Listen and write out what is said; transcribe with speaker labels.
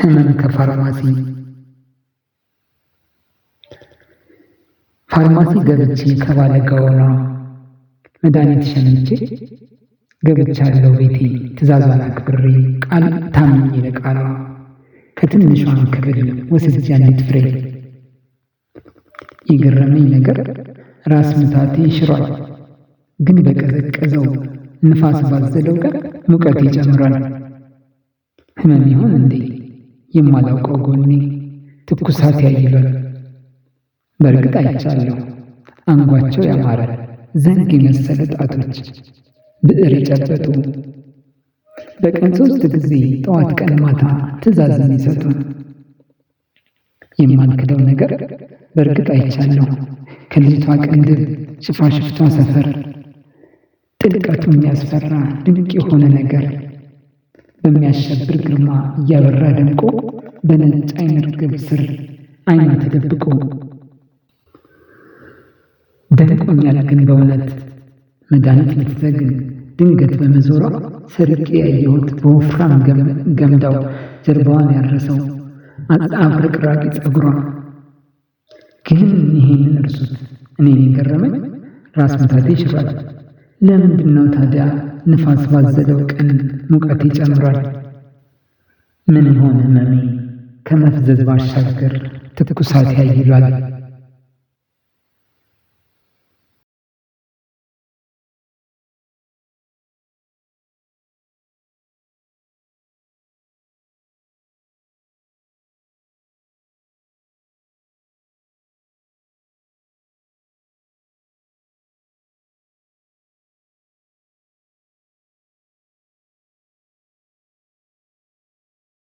Speaker 1: ህመም ከፋርማሲ ፋርማሲ ገብቼ ከባለጋውና መድኃኒት ሸምቼ ገብቻለሁ ቤቴ ትእዛዟን አክብሬ ቃል ታምኜ ለቃሏ ከትንሿን ክብል ወስጄ አንዲት ፍሬ የገረመኝ ነገር ራስ ምታቴ ሽሯል፣ ግን በቀዘቀዘው ንፋስ ባዘለው ጋር ሙቀት ይጨምራል። ህመም ይሆን እንዴ? የማላውቀው ጎኔ ትኩሳት ያይሏል። በእርግጥ አይቻለሁ። አንጓቸው ያማረ ዘንግ የመሰለ ጣቶች ብዕር የጨበጡ በቀን ሶስት ጊዜ ጠዋት፣ ቀን፣ ማታ ትዕዛዝ የሚሰጡ የማንክደው ነገር በእርግጥ አይቻለሁ። ከልጅቷ ቅንድብ ሽፋሽፍቷ ሰፈር ጥልቀቱ የሚያስፈራ ድንቅ የሆነ ነገር በሚያሸብር ግርማ እያበራ ደምቆ በነጭ አይነ ርግብ ስር አይና ተደብቆ ደንቆኛል ግን በእውነት መድኃኒት ልትዘግን ድንገት በመዞሯ ሰርቄ ያየሁት በወፍራም ገምዳው ጀርባዋን ያረሰው አብረቅራቂ ጸጉሯ ግን ይህንን እርሱት። እኔ የገረመኝ ራስ ምታቴ ይሽራል ለምንድን ነው ታዲያ ንፋስ ባዘለው ቀን ሙቀት ይጨምራል? ምን ይሆን ህመሜ ከመፍዘዝ ባሻገር ትኩሳት ያይላል።